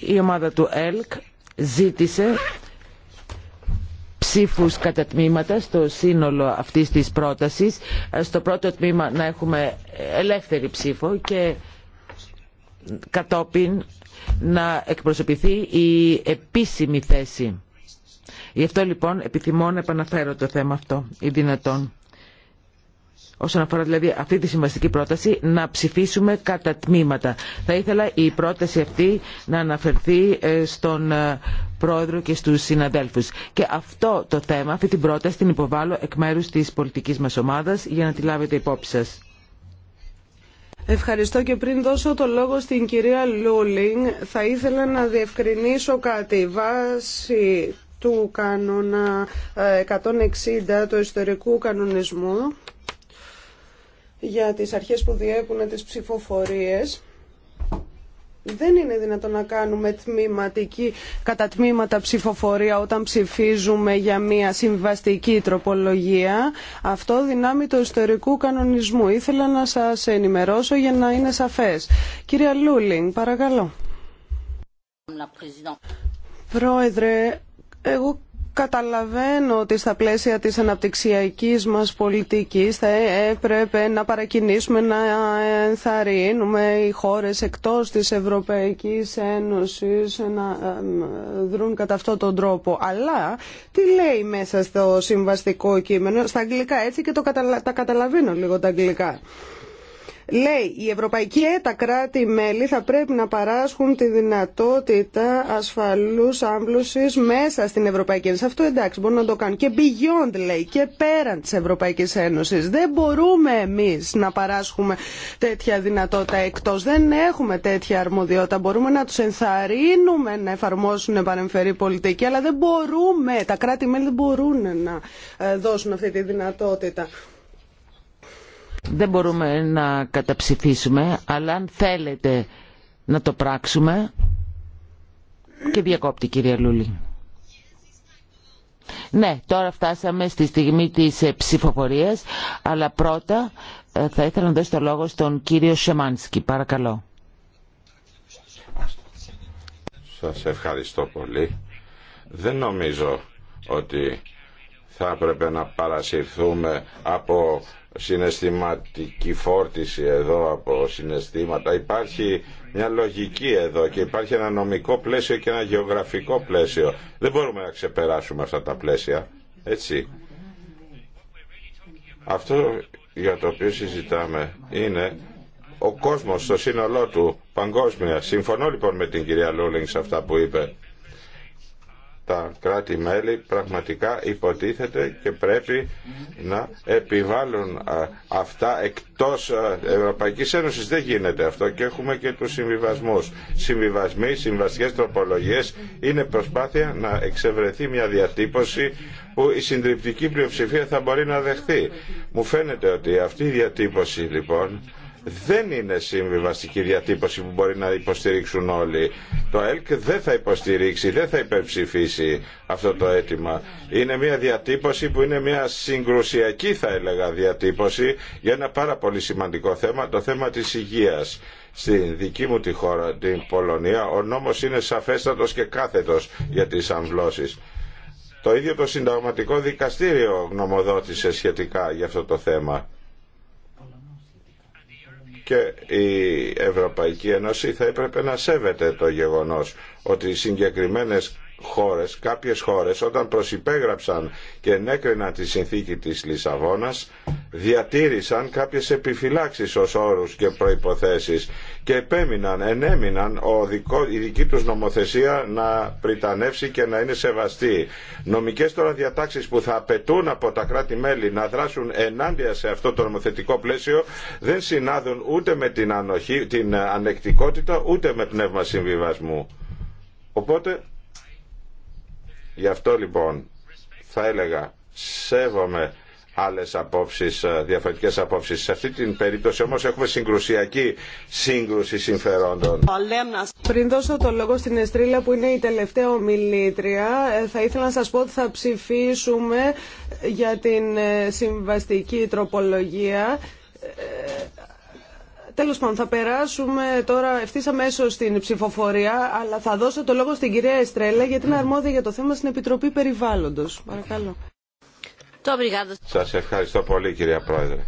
Η ομάδα του ΕΛΚ ζήτησε ψήφους κατά τμήματα στο σύνολο αυτής της πρότασης. Στο πρώτο τμήμα να έχουμε ελεύθερη ψήφο και κατόπιν να εκπροσωπηθεί η επίσημη θέση Γι' αυτό λοιπόν επιθυμώ να επαναφέρω το θέμα αυτό, ή δυνατόν. Όσον αφορά δηλαδή αυτή τη συμβαστική πρόταση, να ψηφίσουμε κατά τμήματα. Θα ήθελα η πρόταση αυτή να αναφερθεί ε, στον ε, πρόεδρο και στους συναδέλφους. Και αυτό το θέμα, αυτή την πρόταση την υποβάλλω εκ μέρους της πολιτικής μας ομάδας για να τη λάβετε υπόψη σας. Ευχαριστώ και πριν δώσω το λόγο στην κυρία Λούλινγκ θα ήθελα να διευκρινίσω κάτι. Βάσει του κανόνα 160 ε, του ιστορικού κανονισμού για τις αρχές που διέπουν τις ψηφοφορίες δεν είναι δυνατόν να κάνουμε τμήματική, κατά τμήματα ψηφοφορία όταν ψηφίζουμε για μια συμβαστική τροπολογία. Αυτό δυνάμει το ιστορικού κανονισμού. Ήθελα να σας ενημερώσω για να είναι σαφές. Κυρία Λούλινγκ, παρακαλώ. Πρόεδρε, εγώ καταλαβαίνω ότι στα πλαίσια της αναπτυξιακής μας πολιτικής θα έπρεπε να παρακινήσουμε να ενθαρρύνουμε οι χώρες εκτός της Ευρωπαϊκής Ένωσης να δρουν κατά αυτόν τον τρόπο. Αλλά τι λέει μέσα στο συμβαστικό κείμενο στα αγγλικά έτσι και το τα καταλαβαίνω λίγο τα αγγλικά. Λέει, η Ευρωπαϊκή τα κράτη-μέλη θα πρέπει να παράσχουν τη δυνατότητα ασφαλούς άμβλωσης μέσα στην Ευρωπαϊκή Ένωση. Αυτό εντάξει, μπορούν να το κάνουν. Και beyond, λέει, και πέραν της Ευρωπαϊκής Ένωσης. Δεν μπορούμε εμείς να παράσχουμε τέτοια δυνατότητα εκτός. Δεν έχουμε τέτοια αρμοδιότητα. Μπορούμε να τους ενθαρρύνουμε να εφαρμόσουν παρεμφερή πολιτική, αλλά δεν μπορούμε, τα κράτη-μέλη δεν μπορούν να ε, δώσουν αυτή τη δυνατότητα δεν μπορούμε να καταψηφίσουμε, αλλά αν θέλετε να το πράξουμε... Και διακόπτει κυρία Λούλη. Ναι, τώρα φτάσαμε στη στιγμή της ε, ψηφοφορίας, αλλά πρώτα ε, θα ήθελα να δώσω το λόγο στον κύριο Σεμάνσκι. Παρακαλώ. Σας ευχαριστώ πολύ. Δεν νομίζω ότι θα έπρεπε να παρασυρθούμε από συναισθηματική φόρτιση εδώ από συναισθήματα. Υπάρχει μια λογική εδώ και υπάρχει ένα νομικό πλαίσιο και ένα γεωγραφικό πλαίσιο. Δεν μπορούμε να ξεπεράσουμε αυτά τα πλαίσια. Έτσι. Αυτό για το οποίο συζητάμε είναι ο κόσμος στο σύνολό του παγκόσμια. Συμφωνώ λοιπόν με την κυρία Λούλινγκ σε αυτά που είπε τα κράτη-μέλη πραγματικά υποτίθεται και πρέπει να επιβάλλουν αυτά εκτός Ευρωπαϊκής Ένωσης. Δεν γίνεται αυτό και έχουμε και τους συμβιβασμούς. Συμβιβασμοί, συμβαστικές τροπολογίες είναι προσπάθεια να εξευρεθεί μια διατύπωση που η συντριπτική πλειοψηφία θα μπορεί να δεχθεί. Μου φαίνεται ότι αυτή η διατύπωση λοιπόν δεν είναι συμβιβαστική διατύπωση που μπορεί να υποστηρίξουν όλοι. Το ΕΛΚ δεν θα υποστηρίξει, δεν θα υπερψηφίσει αυτό το αίτημα. Είναι μια διατύπωση που είναι μια συγκρουσιακή θα έλεγα διατύπωση για ένα πάρα πολύ σημαντικό θέμα, το θέμα της υγείας. Στην δική μου τη χώρα, την Πολωνία, ο νόμος είναι σαφέστατος και κάθετος για τις αμβλώσεις. Το ίδιο το συνταγματικό δικαστήριο γνωμοδότησε σχετικά για αυτό το θέμα και η Ευρωπαϊκή Ένωση θα έπρεπε να σέβεται το γεγονός ότι οι συγκεκριμένες χώρες, κάποιες χώρες όταν προσυπέγραψαν και ενέκριναν τη συνθήκη της Λισαβόνας διατήρησαν κάποιες επιφυλάξεις ως όρους και προϋποθέσεις και επέμειναν, ενέμειναν ο δικό, η δική τους νομοθεσία να πριτανεύσει και να είναι σεβαστή. Νομικές τώρα διατάξεις που θα απαιτούν από τα κράτη-μέλη να δράσουν ενάντια σε αυτό το νομοθετικό πλαίσιο δεν συνάδουν ούτε με την, την ανεκτικότητα ούτε με πνεύμα συμβιβασμού. Οπότε Γι' αυτό λοιπόν θα έλεγα σέβομαι άλλε απόψεις, ε, διαφορετικές απόψεις. Σε αυτή την περίπτωση όμως έχουμε συγκρουσιακή σύγκρουση συμφερόντων. Πριν δώσω το λόγο στην Εστρίλα που είναι η τελευταία ομιλήτρια, ε, θα ήθελα να σας πω ότι θα ψηφίσουμε για την ε, συμβαστική τροπολογία Τέλο πάντων, θα περάσουμε τώρα ευθύ αμέσω στην ψηφοφορία, αλλά θα δώσω το λόγο στην κυρία Εστρέλα, γιατί είναι αρμόδια για το θέμα στην Επιτροπή περιβάλλοντο. Παρακαλώ. Σα ευχαριστώ πολύ κυρία Πρόεδρε.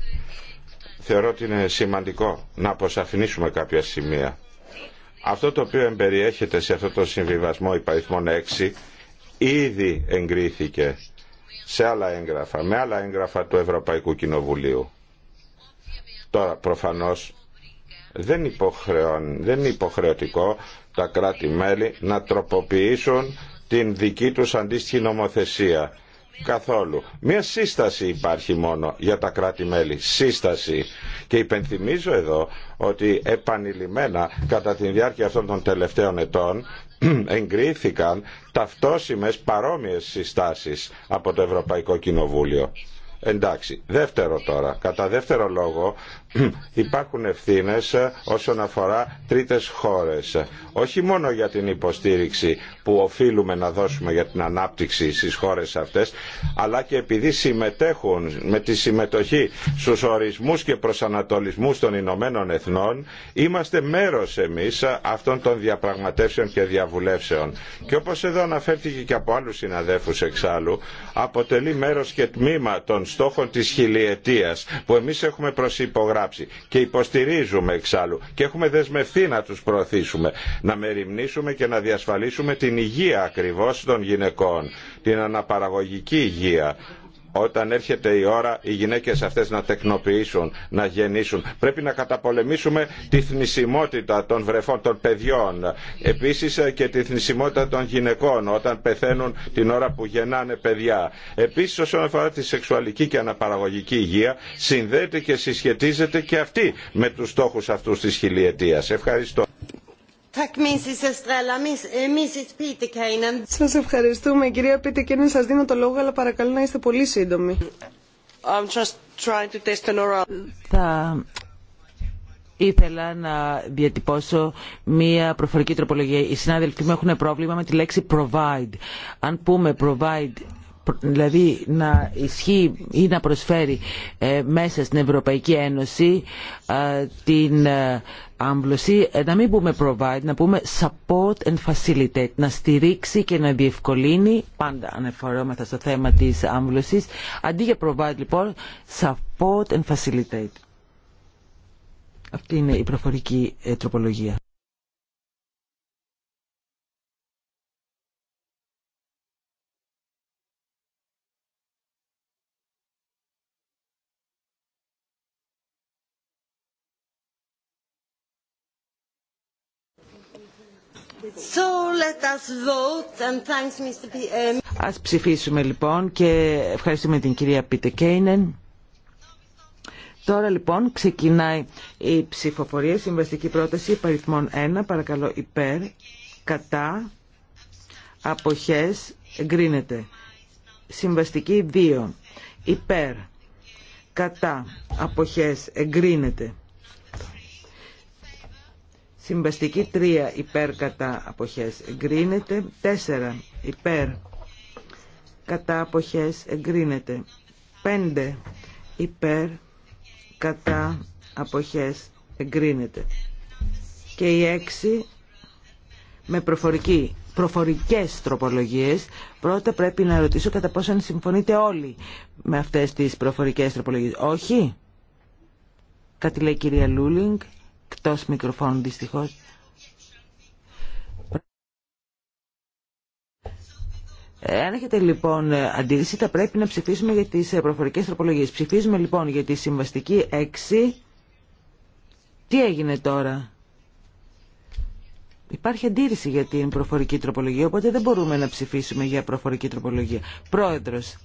Θεωρώ ότι είναι σημαντικό να αποσαφηνίσουμε κάποια σημεία. Αυτό το οποίο εμπεριέχεται σε αυτό το συμβιβασμό υπαριθμών 6 ήδη εγκρίθηκε σε άλλα έγγραφα, με άλλα έγγραφα του Ευρωπαϊκού Κοινοβουλίου. Τώρα προφανώς δεν, δεν είναι υποχρεωτικό τα κράτη-μέλη να τροποποιήσουν την δική τους αντίστοιχη νομοθεσία. Καθόλου. Μία σύσταση υπάρχει μόνο για τα κράτη-μέλη. Σύσταση. Και υπενθυμίζω εδώ ότι επανειλημμένα κατά τη διάρκεια αυτών των τελευταίων ετών εγκρίθηκαν ταυτόσιμες παρόμοιες συστάσεις από το Ευρωπαϊκό Κοινοβούλιο. Εντάξει. Δεύτερο τώρα. Κατά δεύτερο λόγο υπάρχουν ευθύνε ε, όσον αφορά τρίτες χώρες. Όχι μόνο για την υποστήριξη που οφείλουμε να δώσουμε για την ανάπτυξη στις χώρες αυτές, αλλά και επειδή συμμετέχουν με τη συμμετοχή στους ορισμούς και προσανατολισμούς των Ηνωμένων Εθνών, είμαστε μέρος εμείς αυτών των διαπραγματεύσεων και διαβουλεύσεων. Και όπως εδώ αναφέρθηκε και από άλλους συναδέφους εξάλλου, αποτελεί μέρος και τμήμα των στόχων της χιλιετίας που εμείς έχουμε προσυπογράψει και υποστηρίζουμε εξάλλου και έχουμε δεσμευθεί να τους προωθήσουμε, να μεριμνήσουμε και να διασφαλίσουμε την υγεία ακριβώς των γυναικών, την αναπαραγωγική υγεία όταν έρχεται η ώρα οι γυναίκες αυτές να τεκνοποιήσουν, να γεννήσουν. Πρέπει να καταπολεμήσουμε τη θνησιμότητα των βρεφών των παιδιών. Επίσης ε, και τη θνησιμότητα των γυναικών όταν πεθαίνουν την ώρα που γεννάνε παιδιά. Επίσης όσον αφορά τη σεξουαλική και αναπαραγωγική υγεία συνδέεται και συσχετίζεται και αυτή με τους στόχους αυτούς της χιλιετίας. Ευχαριστώ. Eh, σας ευχαριστούμε κυρία Πίτικεν, σας δίνω το λόγο αλλά παρακαλώ να είστε πολύ σύντομοι. Θα ήθελα να διατυπώσω μία προφορική τροπολογία. Οι συνάδελφοί μου έχουν πρόβλημα με τη λέξη provide. Αν πούμε provide δηλαδή να ισχύει ή να προσφέρει ε, μέσα στην Ευρωπαϊκή Ένωση ε, την ε, άμβλωση, να μην πούμε provide, να πούμε support and facilitate, να στηρίξει και να διευκολύνει, πάντα αναφερόμεθα στο θέμα της άμβλωσης, αντί για provide λοιπόν, support and facilitate. Αυτή είναι η προφορική τροπολογία. So uh, Ας ψηφίσουμε λοιπόν και ευχαριστούμε την κυρία Πίτε Κέινεν. Τώρα λοιπόν ξεκινάει η ψηφοφορία, συμβαστική πρόταση παριθμών 1, παρακαλώ υπέρ, κατά, αποχές, εγκρίνεται. Συμβαστική 2, υπέρ, κατά, αποχές, εγκρίνεται. Συμβαστική 3 υπέρ κατά αποχές εγκρίνεται. 4 υπέρ κατά αποχές εγκρίνεται. 5 υπέρ κατά αποχές εγκρίνεται. Και η 6 με προφορική, προφορικές τροπολογίες. Πρώτα πρέπει να ρωτήσω κατά πόσο αν συμφωνείτε όλοι με αυτές τις προφορικές τροπολογίες. Όχι. Κάτι λέει η κυρία Λούλινγκ. Εκτός μικροφώνου δυστυχώς. Αν έχετε λοιπόν αντίρρηση, θα πρέπει να ψηφίσουμε για τις ε, προφορικές τροπολογίες. Ψηφίζουμε λοιπόν για τη συμβαστική 6. Τι έγινε τώρα. Υπάρχει αντίρρηση για την προφορική τροπολογία, οπότε δεν μπορούμε να ψηφίσουμε για προφορική τροπολογία. Πρόεδρος,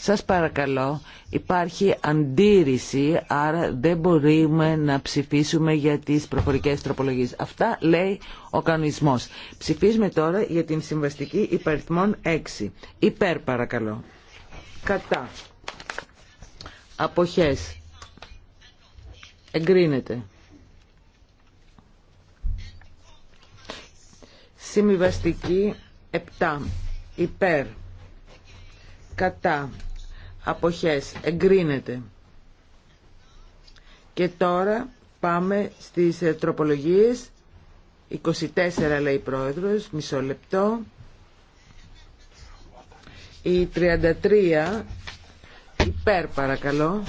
σας παρακαλώ, υπάρχει αντίρρηση, άρα δεν μπορούμε να ψηφίσουμε για τις προφορικές τροπολογίες. Αυτά λέει ο κανονισμός. Ψηφίζουμε τώρα για την συμβαστική υπαριθμών 6. Υπέρ παρακαλώ. Κατά. Αποχές. Εγκρίνεται. Συμβαστική 7. Υπέρ. Κατά αποχές εγκρίνεται. Και τώρα πάμε στις ε, τροπολογίες 24 λέει η πρόεδρος, μισό λεπτό. Η 33 υπέρ παρακαλώ.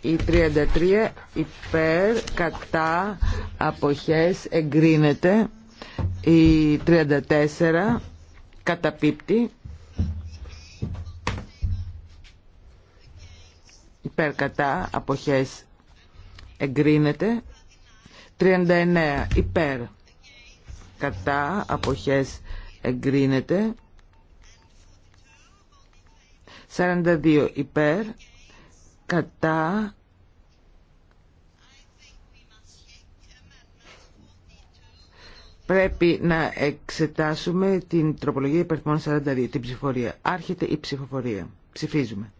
Η 33 υπέρ κατά αποχές εγκρίνεται. Η 34 καταπίπτει. υπέρ κατά αποχές εγκρίνεται 39 υπέρ κατά αποχές εγκρίνεται 42 υπέρ κατά πρέπει να εξετάσουμε την τροπολογία υπερθμών 42 την ψηφοφορία άρχεται η ψηφοφορία ψηφίζουμε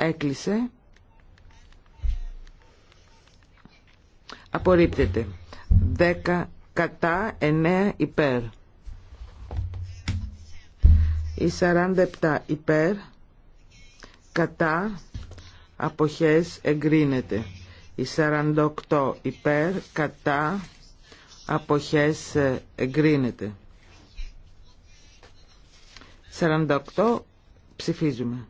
Έκλεισε. Απορρίπτεται. 10 κατά, 9 υπέρ. Η 47 υπέρ, κατά, αποχές εγκρίνεται. Η 48 υπέρ, κατά, αποχές εγκρίνεται. 48 ψηφίζουμε.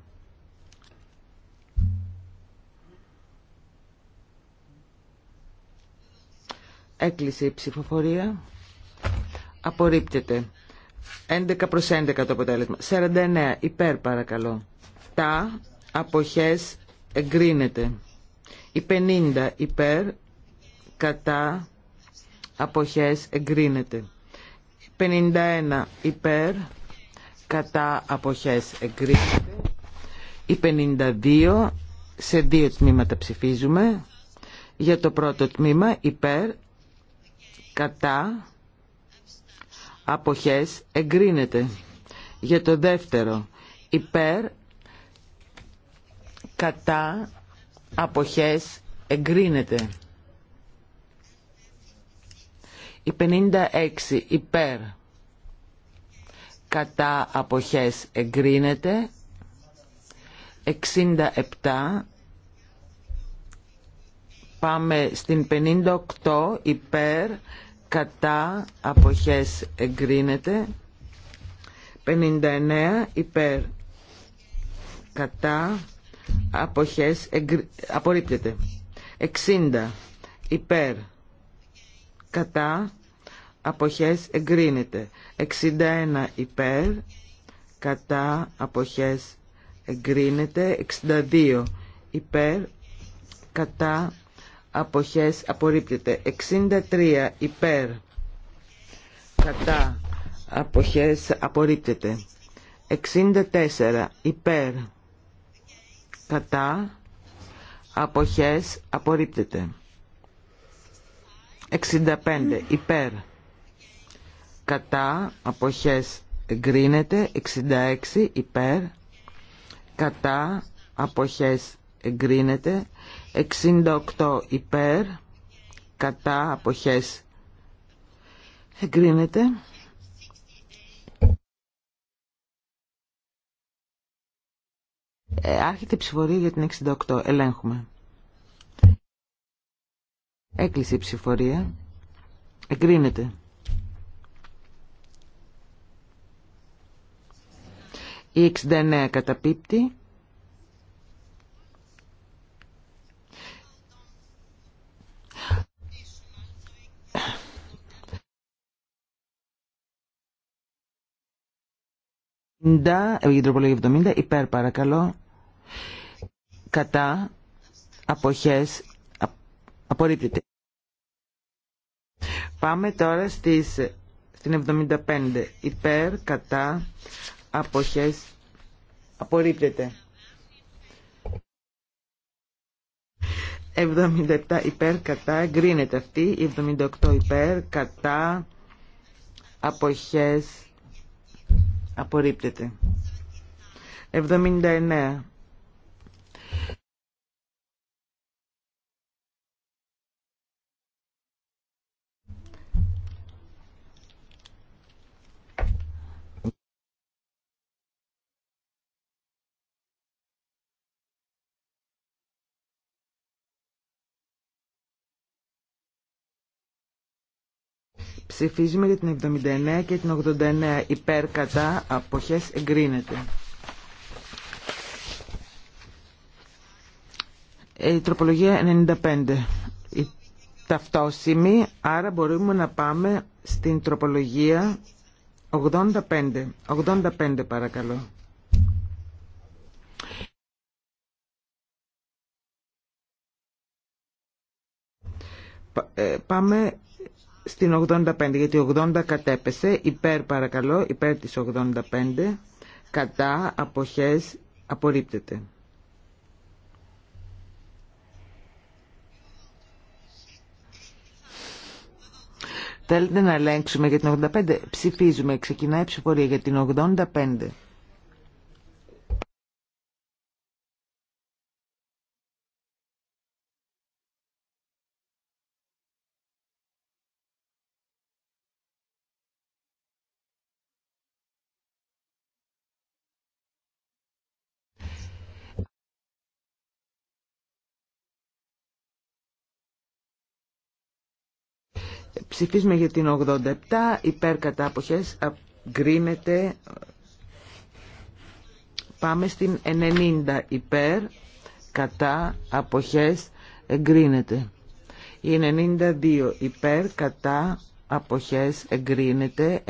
Έκλεισε η ψηφοφορία. Απορρίπτεται. 11 προς 11 το αποτέλεσμα. 49 υπέρ παρακαλώ. Τα αποχές εγκρίνεται. Η 50 υπέρ κατά αποχές εγκρίνεται. 51 υπέρ κατά αποχές εγκρίνεται. Η 52 σε δύο τμήματα ψηφίζουμε. Για το πρώτο τμήμα υπέρ κατά αποχές εγκρίνεται για το δεύτερο υπέρ κατά αποχές εγκρίνεται η 56 υπέρ κατά αποχές εγκρίνεται 67 Πάμε στην 58 υπέρ κατά αποχές εγκρίνεται 59 υπέρ κατά αποχές εγκρι... απορρίπτεται 60 υπέρ κατά αποχές εγκρίνεται 61 υπέρ κατά αποχές εγκρίνεται 62 υπέρ κατά αποχές απορρίπτεται 63 υπέρ κατά αποχές απορρίπτεται 64 υπέρ κατά αποχές απορρίπτεται 65 υπέρ κατά αποχές εγκρίνεται 66 υπέρ κατά αποχές εγκρίνεται 68 υπέρ κατά αποχές εγκρίνεται Ε, άρχεται η ψηφορία για την 68 ελέγχουμε έκλεισε η ψηφορία εγκρίνεται η 69 καταπίπτει Ε, η τροπολογία 70 υπέρ παρακαλώ κατά αποχές απορρίπτεται. Πάμε τώρα στις, στην 75 υπέρ κατά αποχές απορρίπτεται. 77 υπέρ κατά εγκρίνεται αυτή, 78 υπέρ κατά αποχές Απορρίπτεται. 79. Ψηφίζουμε για την 79 και την 89 υπέρ κατά αποχές εγκρίνεται. Ε, η τροπολογία 95. Η ταυτόσημη, άρα μπορούμε να πάμε στην τροπολογία 85. 85 παρακαλώ. Ε, πάμε στην 85, γιατί 80 κατέπεσε, υπέρ παρακαλώ, υπέρ της 85, κατά, αποχές, απορρίπτεται. Θέλετε να ελέγξουμε για την 85. Ψηφίζουμε. Ξεκινάει η ψηφορία για την 85. Ψηφίζουμε για την 87 υπέρ κατά αποχές γκρίνεται. Πάμε στην 90 υπέρ κατά αποχές εγκρίνεται. Η 92 υπέρ κατά αποχές εγκρίνεται.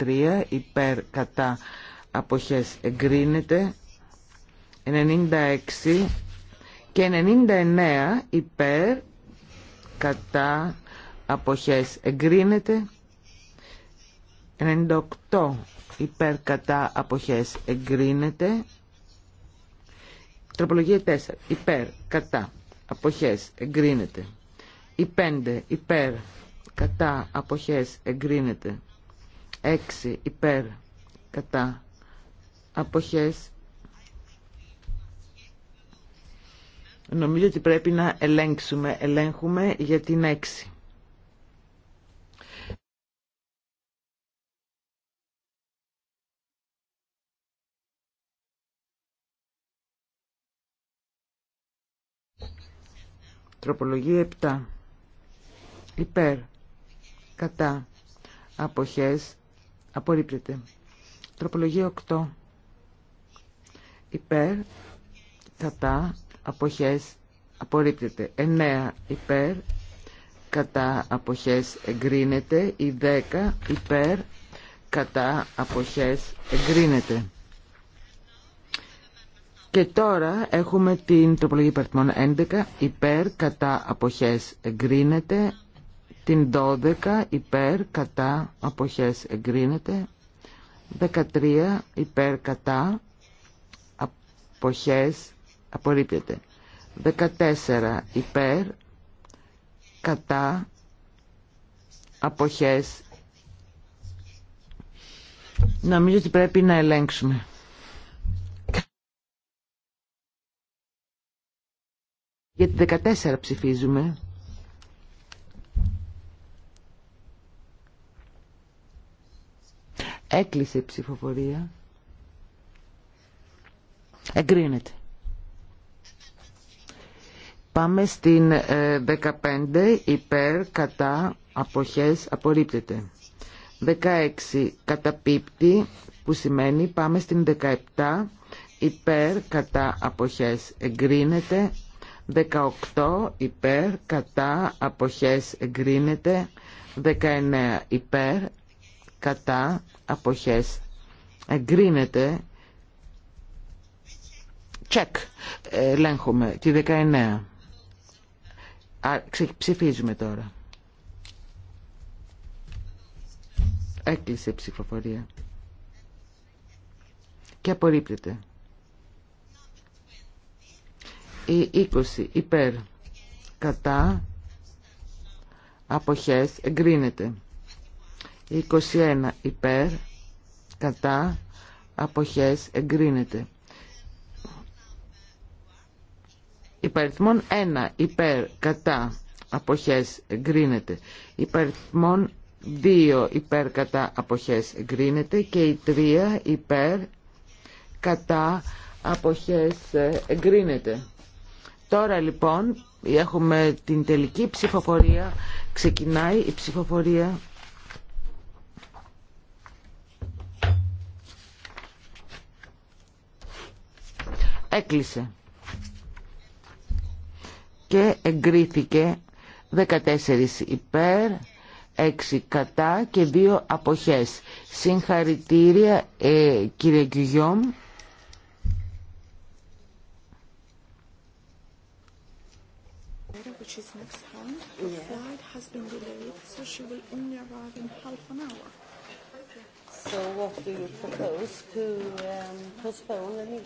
93 υπέρ κατά αποχές εγκρίνεται. 96 και 99 υπέρ κατά αποχές εγκρίνεται 98 υπέρ κατά αποχές εγκρίνεται τροπολογία 4 υπέρ κατά αποχές εγκρίνεται η 5 υπέρ κατά αποχές εγκρίνεται 6 υπέρ κατά αποχές νομίζω ότι πρέπει να ελέγξουμε ελέγχουμε για την 6 Τροπολογία 7. Υπέρ. Κατά. Αποχές. Απορρίπτεται. Τροπολογία 8. Υπέρ. Κατά. Αποχές. Απορρίπτεται. 9. Υπέρ. Κατά. Αποχές. Εγκρίνεται. Η 10. Υπέρ. Κατά. Αποχές. Εγκρίνεται. Και τώρα έχουμε την τροπολογία υπερτιμών 11 υπέρ κατά αποχές εγκρίνεται, την 12 υπέρ κατά αποχές εγκρίνεται, 13 υπέρ κατά αποχές απορρίπτεται, 14 υπέρ κατά αποχές Νομίζω ότι πρέπει να ελέγξουμε. Για τη 14 ψηφίζουμε. Έκλεισε η ψηφοφορία. Εγκρίνεται. Πάμε στην 15 ε, υπέρ κατά αποχές απορρίπτεται. 16 καταπίπτει που σημαίνει πάμε στην 17 υπέρ κατά αποχές εγκρίνεται. 18 υπέρ κατά αποχές εγκρίνεται 19 υπέρ κατά αποχές εγκρίνεται τσεκ ελέγχουμε τη 19 Α, ψηφίζουμε τώρα έκλεισε η ψηφοφορία και απορρίπτεται η 20 υπέρ κατά αποχές εγκρίνεται. 21 υπέρ κατά αποχές εγκρίνεται. Υπαριθμόν 1 υπέρ κατά αποχές εγκρίνεται. Υπαριθμόν 2 υπέρ κατά αποχές εγκρίνεται και η 3 υπέρ κατά αποχές εγκρίνεται. Τώρα λοιπόν έχουμε την τελική ψηφοφορία. Ξεκινάει η ψηφοφορία. Έκλεισε. Και εγκρίθηκε 14 υπέρ, 6 κατά και 2 αποχές. Συγχαρητήρια ε, κύριε Κιγιόμ. has been delayed, so she will only arrive in half an hour. So what do you propose to postpone the meeting?